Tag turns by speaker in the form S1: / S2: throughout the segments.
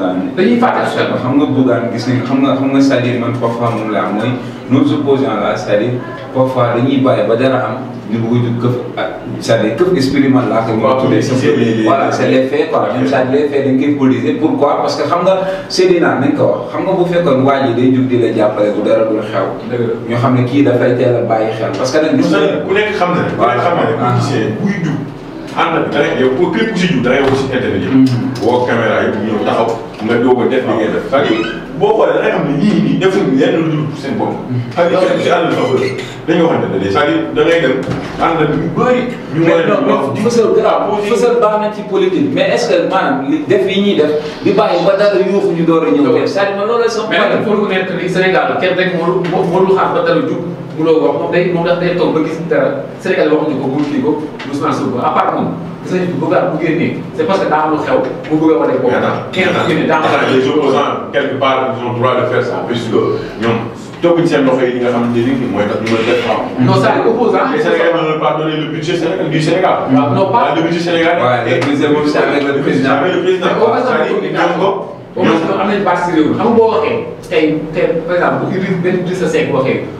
S1: Bougane. dañuy fàttali xel xam nga Bougane gis nañ xam nga xam nga c'est-à-dire man parfois moom laa mooy nous opposants là c'est-à-dire parfois dañuy bàyyi ba dara am ñu bëgg a jug këf ak c'est-à-dire këf expérimental laa ko mën a tuddee. voilà c'est les faits quoi même ça les faits dañ koy poliser pourquoi parce que xam nga Seydina nañ ko wax xam nga bu fekkoon waa ji day jug di la jàppale bu dara dul xew. ñu xam ne kii dafay teel a bàyyi xel parce que nag. gis nga
S2: ku nekk xam na ne. waaw xam na ne bu gisee buy jug ànd ak dara yow pour képp ku si jug dara yow si intervenir. woo caméra def li ngay i c'est-à-dire boo xoolee da ngay xam ne ñii nii defuñu lenn lu dul seen bopp. xëy na si àll bi sax bëri dañoo xamante ne c'est-à-dire da ngay dem ànd ak ñu bëri. Ah, na ci politique mais est-ce que maanaam li
S1: def
S3: yi def di bàyyi ba dara yuuxu ñu door a ñëw. c'est-à-dire man loolu la sama. mais nag pour nekk ni Sénégal kenn rek moo moo xaar ba dara jub. Nous wax moom day moom day toog ba gis dara Sénégal ko ko à part moom gis nañu bëgg c'est parce que daa lu xew mu bëgg a wane ko. les opposants quelque part ils ont droit de faire ça puisque ñoom
S2: tooguñ seen loxo yi nga xam ne ni mooy tax ñu mën a def avons non c'est opposant. les Sénégalais n'ont pas ah, ah, le
S3: budget Sénégal du Sénégal. non pas le budget Sénégal. waaw et deuxième moom avec le président. le président à dire am nañ base si réew xam par exemple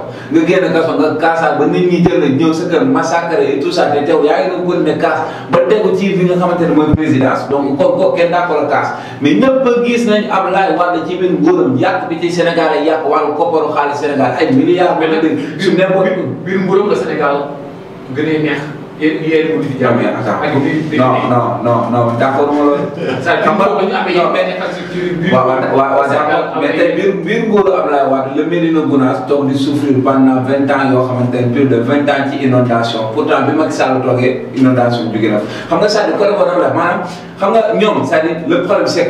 S1: nga génn kaso nga kaasaat ba nit ñi jël la ñëw sa kër massacre et tout ça te teew yaa ngi doon ne kaas ba tegu ci li nga xamante ne mooy présidence donc kon ko kenn daa ko la kaas mais ñëpp a gis nañ Abdoulaye Wade ci biir nguuram yàq bi ci Sénégal ay yàq wàllu kopparu xaalis Sénégal ay milliards. mais nag biir biir nguuram la Sénégal gënee neex. yéen yéen wuti jàmm ak bi non non non non d'accord ma loolu. xam nga ñu amee yenn benn infrastructure biir mais tey biir biir nguuru Abdoulaye Wade le Médina Gounass toog di souffrir pendant vingt ans yoo xamante ne plus de vingt ans ci inondation pourtant bi Macky Sall toogee inondation jóge na xam nga c'est-à-dire ko la maanaam xam nga ñoom c'est-à-dire le problème c'est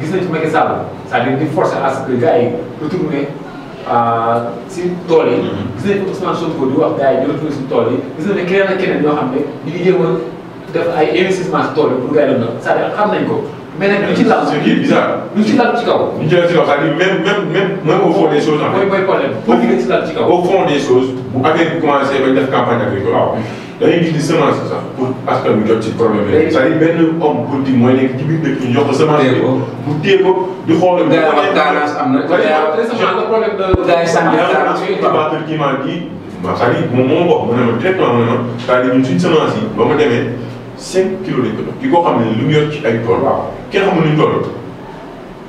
S3: gis nañ ci Macky Sall c'est-à-dire di forcer à ce que gars yi retourné si euh, tool yi. Mm-hmm. gis nañ ko Ousmane Sonko di wax gars yi ñu retourné si tool yi gis nañ ne keneen ak keneen ñoo xam ne ñu ngi jéem a def ay investissement si tool yi pour gars yi dem na c'est-à-dire xam nañ ko. mais nag lu ci laal c'est bizarre. lu ci laal ci kaw. lu ci laal ci kaw c'est-à-dire même même même même au fond des choses. mooy mooy problème
S2: foofu nga ci laal ci kaw. au fond des choses bu affaire bi commencé ba def campagne agricole waaw. dañuy gis ni semence sax pour askan bi jot ci problème yi. c'est-à-dire benn homme politique mooy nekk ci biir dëkk ñu jox ko semence bi. bu téye ko di xool. bu am na. problème
S3: de. gars yi sànni
S2: moom moo wax mu ne ma directement mu ne ma c'est-à-dire ñun suñ semence yi ba ma demee 5 kilos lañ ko jox ki koo xam ne lu mu yor ci ay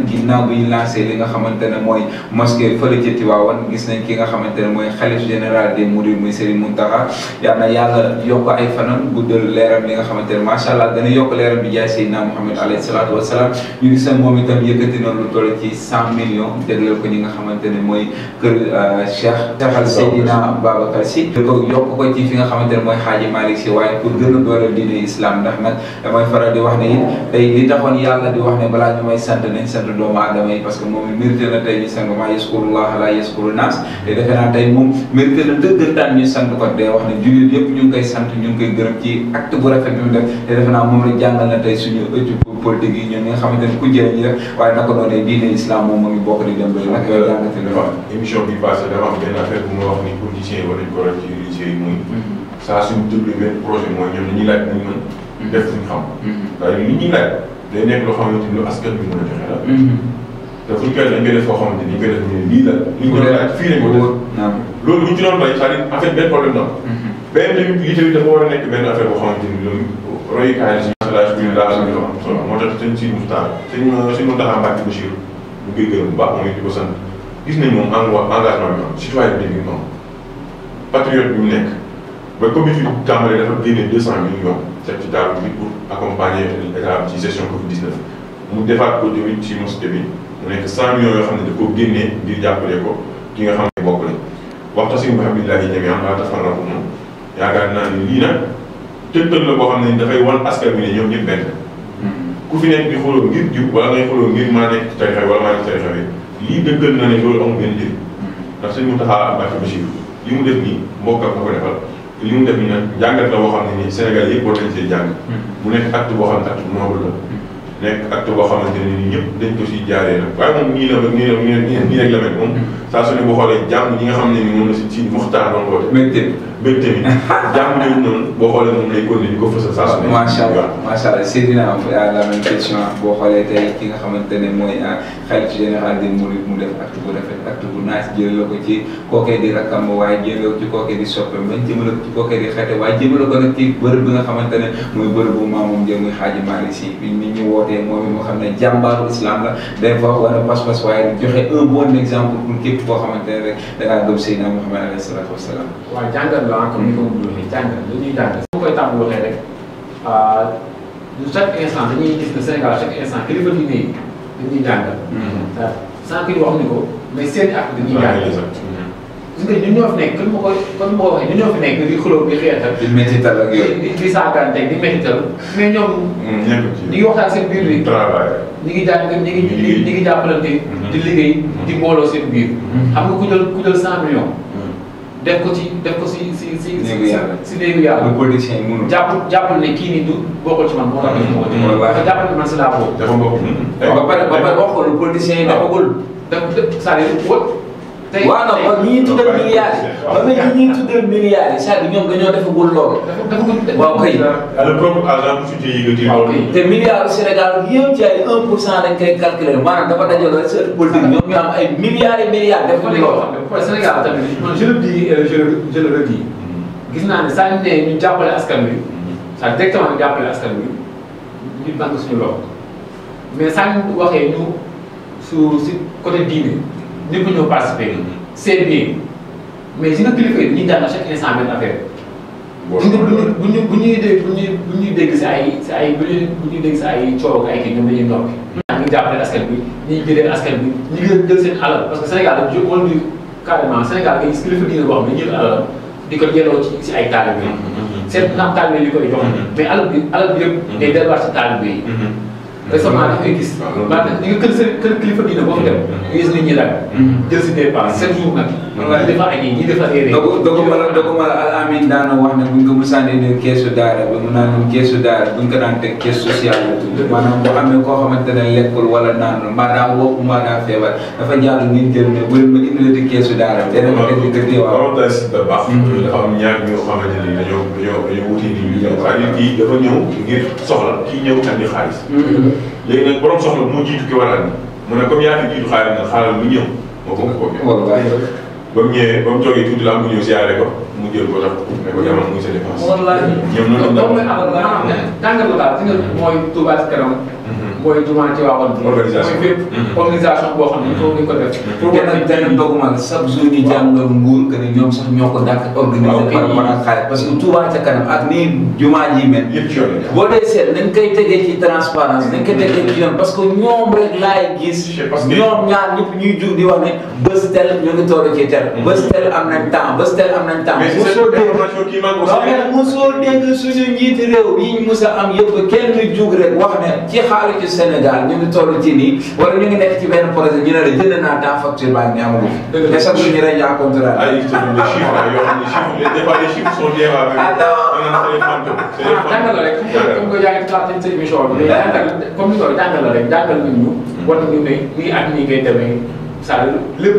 S1: nañ ginnaaw bi ñu li nga xamante ne mooy mosquée fële ca Tivaouane gis nañ ki nga xamante ne mooy xalif général des mourides muy Serigne Mountakha yal na yàlla yokk ay fanam guddal leeram li nga xamante ne macha allah dana a yokk leeram bi jaay Seydina Mouhamed alayhi salaatu wasalaam ñu gis moom itam yëkkati na lu toll ci cent millions déglal ko ñi nga xamante ne mooy kër euh, Cheikh Cheikh Seydina Babacar Sy ko yokk ko ci fi nga xamante ne mooy Xaaji Malick si waaye pour gën a dooleel diine islam ndax nag entre doomu aadama yi parce que moom mérité na tey ñu sang ma yaskurullah la yaskuru nas te defe naa tey moom mérité na dëgg daan ñu sang ko day wax ne julit yëpp ñu ngi koy sant ñu ngi koy gërëm ci acte bu rafet bi mu def te defe naa moom la jàngal na tey suñu ëcc politique yi ñu nga xam ne ku jëriñ la waaye naka noonu nee diine islam moom mu ngi bokk di dem ba nag la jàngatee la. émission bi passé
S2: dama am benn affaire bu ma wax ni politiciens wala ñu ko rek ci lycée yi muy. saa suñu déglu projet mooy ñoom ñu laaj ñu mën def suñ xam. waaye li ñu laaj day nekk loo xamante ni lu askan bi mën a joxe la. Mhm. te fu ñu koy dañ koy def foo xamante ni ñu koy def ñu li ñu doon laaj fii lañ ko def. loolu bu ñu ci doon bay c'est-à-dire en fait benn problème la am. Mhm. benn tamit yi tamit dafa war a nekk benn affaire boo xamante ni loolu royukaay la si. laaj bi laaj bi am solo moo tax sëñ Sidi Moustapha sëñ sëñ Moustapha Mbacke Bachir ñu koy gërëm bu baax mooy di ko sant gis nañ moom engagement bi bi bi mu am patriote bi mu teg ci table bi pour accompagner état ci gestion mu defaat ko tamit ci mosquée bi mu nekk 100 millions yoo xam ne daf koo génnee ngir jàppale ko ki nga xam ne bokk waxta si nga xam ne daal di ñeme am daal defar la ko moom yaakaar naa ni lii nag tëntal la boo xam ne dafay wan askan bi ne ñoom ñëpp benn. ku fi nekk di xooloo ngir jub wala ngay xooloo ngir maa nekk ci tarixa wala maa nekk ci tarixa bi lii dëggal na ne loolu amul benn njëriñ ndax sëñ Mountakha Mbacké Bachir li mu def nii mbokk ak ko defal. li mu def ñu nag jàngat la boo xam ne nii Sénégal yëpp war nañ see jàng. Hmm. mu nekk acte boo xam ne acte noble la. Hmm. nekk acte boo xamante ne nii ñëpp dañ ko si jaaree nag waaye moom nii la nii la nii rek la mel hmm. saa su ne boo xoolee jàmm ñi nga xam ne ni moom la si ci muxtaar doon woote. mbégte bi jàmm yooyu noonu boo xoolee moom lay continuer di ko fësal saa su ne. macha allah macha allah Seydina la même question boo xoolee tey ki
S1: nga xamante ne mooy xalifa général des mourides mu def acte bu rafet acte bu naaj jëlee ko ci kookee di rakkam waaye jëlee ko ci kookee di soppeem bañ jëmale ko ci kookee di xete waaye jëmale ko nag ci bërëb bi nga xamante ne mooy bërëbu maamam jëm muy xaaji Maalik Si bi nit ñi wootee moom it moo xam ne jàmbaaru islam la day wax wala pas-pas waaye joxe un bon exemple pour képp koo xamante ne rek da
S3: ngaa gëm Seydina Muhammad alayhi salaatu wasalaam talent comme ni ko Abdou waxee jàngal li ñuy jàngal. bu koy tàmm waxee rek chaque instant dañuy gis ne Sénégal chaque instant kilifa diine yi dañuy jàngal. sans que wax ni ko mais seen i acte dañuy jàngal. parce que ñun ñoo fi nekk comme ma ko comme ma ko waxee ñun ñoo fi nekk di xulóo di xeetal. di métital ak yooyu di di saagante di métital mais ñoom. ñëpp ñu ngi waxtaan seen biir bi. travail ñu ngi jàng ñu ngi ñu ngi jàppalante. di liggéey di booloo seen biir. xam nga ku jël ku jël cent millions. def ko ci def ko si si si. néegu yàlla si néegu yàlla. bu politicien yi mënul. jàpp jàpp ne kii nii du bokkul ci man. moo tax ñu ko te jàpp ne man si laa bokk. dafa bokk ba pare ba pare wax ko lu te waaw non kon
S1: ñi ñuy tuddal milliards yi. ba ni ñi ñuy tuddal milliards yi ñoom dañoo defagul loolu. waaw kay.
S2: le propre te milliards yu
S1: Sénégal yëpp ci ay 1 pour cent dañ
S3: koy calculer maanaam dafa dajaloo rek seen politique ñoom ñu am ay milliards et milliards defuñu loolu. Sénégal tamit je le euh, gis naa ne saa ñu ne ñu jàppale askan wi saa directement jàppale askan wi ñu banque suñu loolu mais saa ñu waxee ñu su si ñëpp ñëw participer nga c'est bien mais si nga kilifa yi dañuy jàng chaque instant benn affaire. bu ñu bu ñuy dégg bu ñuy bu ay si ay bu ñuy bu ñuy dégg si ay coow ak ay kii ñoom dañuy noppi. Hmm. ñu ngi jàppale askan bi ñuy jëlee askan bi ñu gën a jël seen alal parce que Sénégal dafa jóg wala du carrément Sénégal nga gis kilifa diine boo xam ne ñu jël di ko jëloo ci si ay taalibe yi. Hmm, hmm, seen naam taalibe yi koy jox. mais alal bi alal bi yëpp. day delluwaat si taalibe récemment da ngay gis. waaw maanaam ñu ngi kër kër kilifa diine boo fa dem. ñu a nit ñi daal. jël si dépense sept jours nag.
S1: waaw dafa añi ñi dafa réeré. dogo dogo mala dogo mala al amin daana wax ne bu ñu ko musaanee ne keesu daara ba keesu daara bu ñu ko daan teg kees social la tudd. maanaam boo xamee koo xamante ne lekkul wala daa wopp mbaa daa feebar dafa jaadu nit jël ne bu leen ma indilee keesu daara. te
S2: dama dégg dëgg yow. waaw loolu dafa baax. Mm-hmm. dafa am ñaar ñoo xamante ne dañoo dañoo dañoo wuti nii. dafa ñëw ngir soxla kii léegi nag borom soxla moo jiitu ki war a andi mu ne comme yaa fi jiitu xaaral na xaaral mu ñëw moo ko ko ba mu ñëwee ba mu toogee tuuti la am mu ñëw siyaare ko mu jël ko tax ne ko demal muy sa dépense.
S3: ñoom noonu la ñu doon mooy Touba ci mooy jumaa ci waawoon. organisation bi mooy fépp mm-hmm. organisation boo xam ne foofu ñu ko def. pour que nag benn document chaque jour ñu
S1: jàngal nguur que ne ñoom sax ñoo ko dàkk organiser par mën a xaar parce que Touba ca kanam ak nii jumaa ji mel. yëpp boo dee seet nañ koy tegee ci transparence nañ koy tegee ci yoon parce que ñoom rek laay gis. parce que ñoom ñaar ñëpp ñuy jug di wax ne bés tel ñu ngi toog ci tel. Mm-hmm. bés tel am nañ temps bés tel am nañ temps. mais mosoo
S2: dégg mosoo dégg suñu
S1: njiiti réew yi ñu mus a am yëpp kenn juug rek wax ne ci xaaru ci Sénégal ñu ngi toll ci nii wala ñu ngi nekk ci benn projet ñu ne la jënd naa temps facture baa ngi amagul. dëgg la te sax ñu lay ñaan
S3: contrat. ay les chiffres yoo xam ne chiffres les des fois les chiffres sont bien avec. on a les fantômes. c'est les fantômes jàngal la rek. comme que yaa ngi traité sa émission bi. jàngal comme ni ko jàngal la rek jàngal nit mm. ñu. war nañu ne nii ak nii ngay demee c'est-à-dire lépp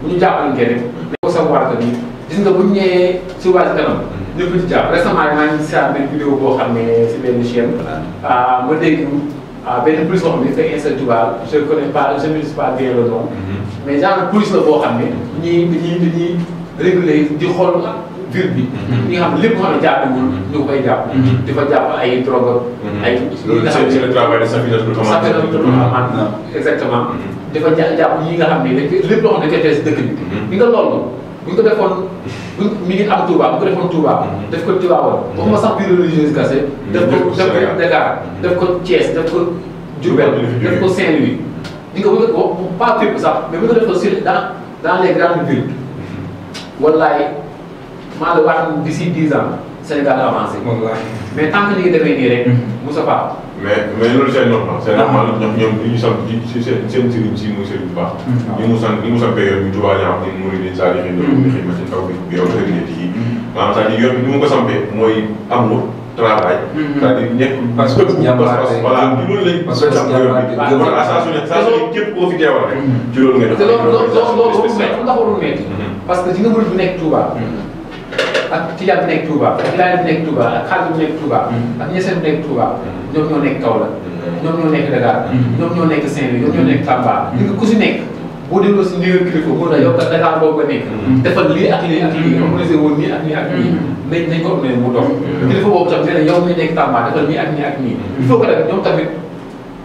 S3: bu ñu jàppante rek. dañ ko savoir que ni gis nga bu ñu ñëwee ci wàllu kanam. ñëpp di jàpp récemment maa ngi si benn vidéo boo xam ne si benn chaîne. ah ma dégg. ah benn police boo xam ne dafay installé Touba je ne connais pas je ne maîtrise pas bien le nom. Mhm. mais genre police la boo xam ne ñii dañuy dañuy réguler di xool biir bi. Mhm. ñi nga xam ne lépp moo tax jàpp nañu mhm. ñu koy jàpp. di fa jàpp ay drogue. ay ñi nga xam ne le travail de Safinatoul Aman exactement. di fa jàpp ñi nga xam ne lépp loo xam ne dañ koy teel si dëkk bi. ni nga loolu. bu ñu ko defoon bu mi ngi a Touba bu ko defoon Touba. def ko Tivaouane. waxuma sax biir religieuse kase. def ko def ko Dakar def ko Thiès ko Diourbel def ko Saint-Louis. di nga bëgg ko pas fépp sax mais bu ñu ko def ko sur dans dans les grandes mhm. maa la wax si dix ans. Sénégal avancé. mais tant que ñu ngi defee nii rek. Moussa Ba. mais mais loolu c'est normal c'est normal ñoom ñoom ñu sant
S2: ci seen seen sëriñ si muy sëriñ bu baax. ñu mu sant ñu mu sant yoon bi tubaab ñaa xam ne mooy liñ saa di xëy loolu xëy na si taw bi bi yow sëriñ yi. maanaam c'est-à-dire yoon bi ni mu ko sampee mooy amul travail. c'est-à-dire nekk parce que voilà loolu lañ. parce que voilà saa su ne
S3: saa su ne képp koo fi teewal rek.
S2: ci loolu nga def. te loolu loolu loolu loolu
S3: metti ndax warul metti parce que ci nga mën nekk Touba ak tijaan bi nekk Touba ak Laay bi nekk Touba ak xaalis bi nekk Touba ak ñeseen bi nekk Touba ñoom ñoo nekk Kaolack ñoom ñoo nekk Dakar ñoom ñoo nekk Saint-Louis ñoom ñoo nekk Tamba li nga ku si nekk boo dégloo si ndigal kilifa boo yow kat Dakar boobu nga nekk defal lii ak lii ak lii organisé woon nii ak nii ak nii nañ nañ ko am ne mu dox kilifa boobu tamit nee na yow mi nekk Tamba defal nii ak nii ak nii il faut que nag ñoom tamit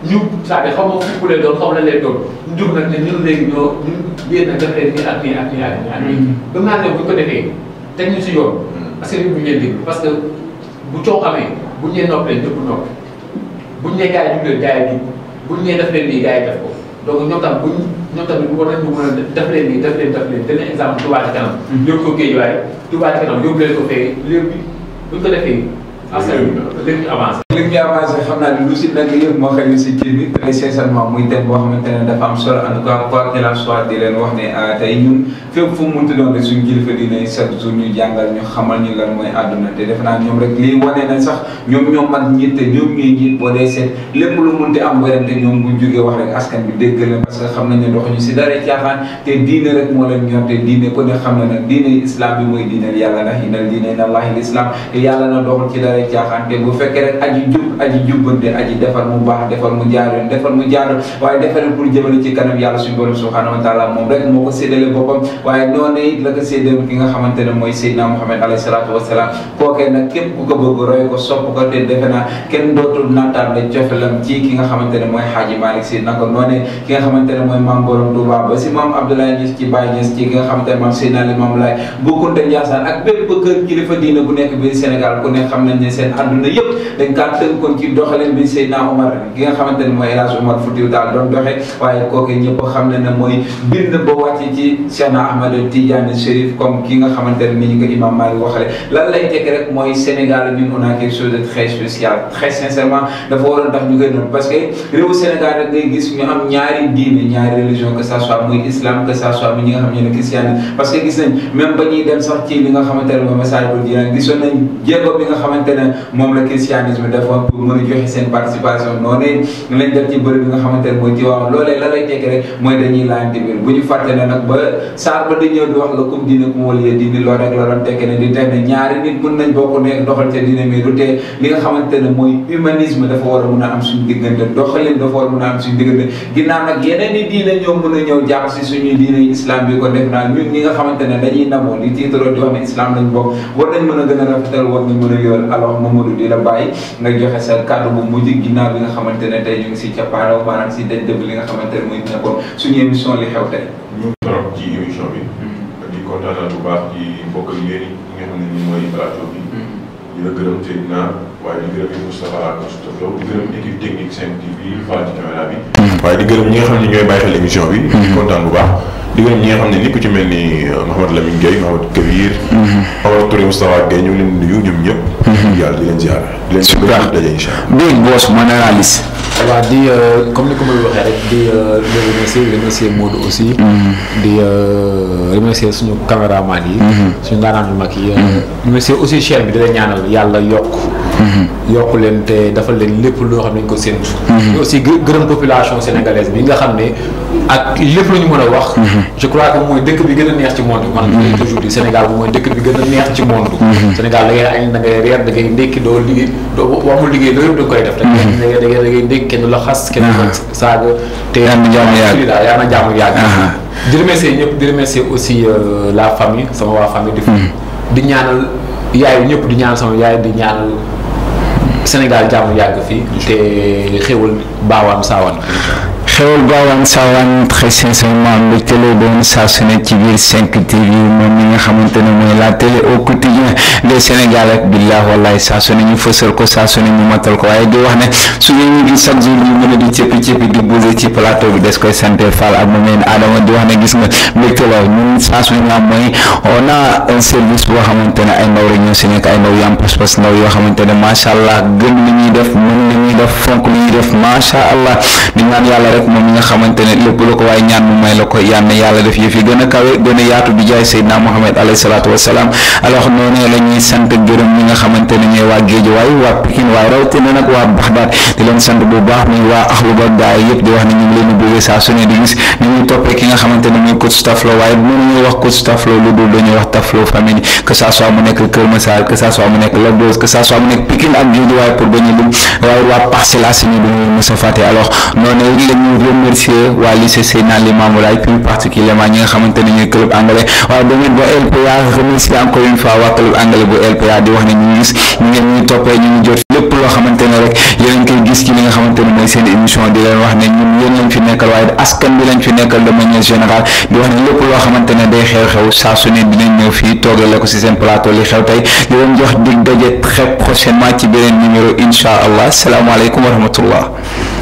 S3: ñu c'est-à-dire xaw ma fu leen doon xaw na leen doon ñu jóg nag ne ñun léegi ñoo ñun yéen a def leen nii ak nii ak nii ak nii ak nii ba maa ne bu ñu ko defee teg ñu si yoon. Hmm. askan wi bu ñu leen déglu parce que bu coow amee bu ñu nee nopp leen ñëpp nopp bu ñu nee gars yi jug leen gars yi jug bu ñu nee def leen nii gars yi def ko donc ñoom tam bu ñu ñoom tamit war nañu mën a def leen nii def leen def leen dana exemple Touba ci kanam. Hmm. yóbbu ko géej waaye Touba ci kanam yóbbu leen ko fee lépp bu ñu ko defee. affaire
S1: bi lépp avancé. lépp ñu avancé xam naa ne lu si nekk yëpp moo xëy si am solo euh, te ñoom na sax ñoom ñoo mat bu jógee wax rek askan bi dégg la parce que xam nañ ne doxuñu si dara caaxaan te diine rek moo leen ñor te diine ko xam na nag diine islam bi mooy diineel yàlla ndax inal diine na laahil islam te yàlla na doxul ci dara ay caaxaan te bu fekkee rek aji jub aji jubbante aji defar mu baax defar mu jaaroon defar mu jaaroon waaye defaree pour jëmale ci kanam yàlla suñu borom subhanahu moom rek moo ko séddale boppam waaye noonu la ko séddale ne mooy Seydina Muhammad alayhi salaatu wasalaam kookee nag képp ku ko bëgg roy ko sopp ko te la cofelam ci ki nga xamante ne mooy Xaaji Malick Si naka noonee ki nga xamante mooy maam borom Touba ba si maam Abdoulaye Niass ci Baye Niass ci ki nga xamante ne maam Seydina Limamou Laye bu Kunta Ndiassane ak kër kilifa diine bu ne seen àdduna yëpp dañ kaa tënkoon ci doxalin bi Seydina Omar gi nga xamante ne mooy El Hadj Omar daal doon doxee waaye kooku ñëpp xam ne ne mooy bind ba wàcce ci Seydina Ahmed Tidiane Chérif comme ki nga xamante ne ñu a koy noonu parce que réewu Sénégal ngay gis ñu am ñaari diine ñaari religion que ça soit muy islam que ça soit ñi nga xam ne christianisme parce que gis nañ même ba ñuy sax ci li nga xamante ne mooy message bu diine gisoon ne moom la christianisme defoon pour mën a joxe seen participation noonu nag ñaari nit mën nañ bokk nekk doxal ca diine mi du tee li nga xamante mooy humanisme dafa war a mun a am suñu diggante doxalin dafa war a mun a am suñu diggante ginnaaw nag yeneen i diine ñoo mën a ñëw jàpp si suñu diine islam bi ko def naa ñun ñi nga xamante dañuy namoo li tiitaroo di wax ne islam lañ bokk war nañ mën a gën a rafetal war nañ mën a yool wax mamadou hmm. di la bàyyi nga joxe sa kàddu bu mujj ginnaaw bi nga xamante ne tey ñu ngi si cappaaraw maanaam si dañ dëbb li
S2: nga xamante ne muy nekkoon suñu émission li xew tey. ñu ngi torop ci émission bi. di kontaanaat bu baax ci mbokk yi ngeen ñi nga xam ne ni mooy rajo bi. di la gërëm te naa waaye di gërëm hmm. waaye di gërëm ñi nga xam ne ñooy bàyyi xel émission bi di hmm. kontaan bu baax di gërëm ñi nga xam ne ni ku ci mel ni euh, Mouhamad Lamine Gueye Mouhamad Kabir hmm. Mouhamad Touré Moustapha Gueye ñu ngi nuyu ñoom ñëpp yàlla di leen ziar di leen daje incha
S3: di euh, comme ni ko may di di euh, remercier remercier Modou aussi di remercier suñu caméraman yi suñu ndaanaan yu mag yi remercier aussi chaîne bi di ñaanal yàlla yokk Mm-hmm. yokk leen te dafa leen lépp loo xam ne ñu ko séntu. mais mm-hmm. aussi gërëm population sénégalaise bi nga xam ne ak lépp lu ñu mën a wax. Mm-hmm. je crois que mooy dëkk bi gën a neex ci monde man maanaam toujours di Sénégal bu mooy dëkk bi gën a neex ci monde. Sénégal da ngay añ da ngay reer da ngay ndékki doo liggéey doo amul liggéey loolu yëpp da nga koy def. da ngay da ngay da ndékki kenn du la xas. kenn du la saaga te yaa na jaamu yàgg uh-huh. di remercier ñëpp di remercier aussi euh, ñëpp di ñaanal sama yaay Sénégal jàmm yàgg fii te xéwal baawaan saawaan xewal
S4: baawaan saawaan très sincèrement mbégte lay doon saa ci biir 5 TV moom mi nga xamante ne mooy la télé au quotidien des Sénégalais billah wallahi saa su ne ñu fësal ko saa su ne ñu matal ko waaye di wax ne su ngeen ñu jour ñu mën a di cëppi cëppi di bouse ci plateau bi des koy sant Fall ak moom Adama di wax ne gis nga mbégte la ñun saa su ne ñu am un service boo xamante ne ay ndaw rek ñoo si nekk ay ndaw yu am pas ndaw yoo xamante ne macha allah gën li ñuy def mën li def fonk li def macha rek moom mi nga xamante ne lépp lu ko waaye ñaan mu may la ko yàlla na yàlla def yëf yi gën a kawe gën a yaatu bi jaay Seydina Mohamed alayhi salaatu wasalaam alors noonu la ñuy sant gërëm ñi nga xamante ne ñooy waa Géejawaay waa Pikine waaye rawatina nag waa Baxdaad di leen sant bu baax muy waa axlu ba gaay yëpp di wax ne ñu ngi leen di bëggee saa su ne di gis ni ñuy toppee ki nga xamante ne muy coach Taflo waaye mënuñu wax coach Taflo lu dul dañuy wax Taflo famille que ça soit mu nekk Kër Massar que ça soit mu nekk Lagos que ça soit mu nekk Pikine ak Géejawaay pour ba ñu lim waaye waa Parcelles Assainies du ñu mës a fàtte alors noonu la ñu remercier waa lycée Seydina Limamou Laye plus ñi nga xamante ne ñooy club anglais waaw domaine bu di wax ne gis ñu ngeen ñuy toppee ñu ngi jot lépp loo xamante ne rek yéen koy gis ci li nga xamante ne mooy seen émission di leen wax ne ñun yéen lañ fi nekkal waaye askan bi leen fi nekkal de manière générale di wax ne lépp loo xamante ne day xew-xew saa su ne dinañ ñëw fii toogale ko si seen plateau li xew tey di leen jox dig daje très prochainement ci beneen numéro incha allah salaamaaleykum wa rahmatullah